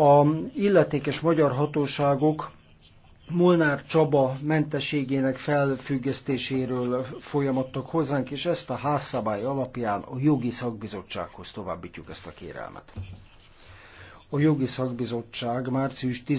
A illetékes magyar hatóságok Molnár Csaba mentességének felfüggesztéséről folyamattak hozzánk, és ezt a házszabály alapján a jogi szakbizottsághoz továbbítjuk ezt a kérelmet. A jogi szakbizottság március 10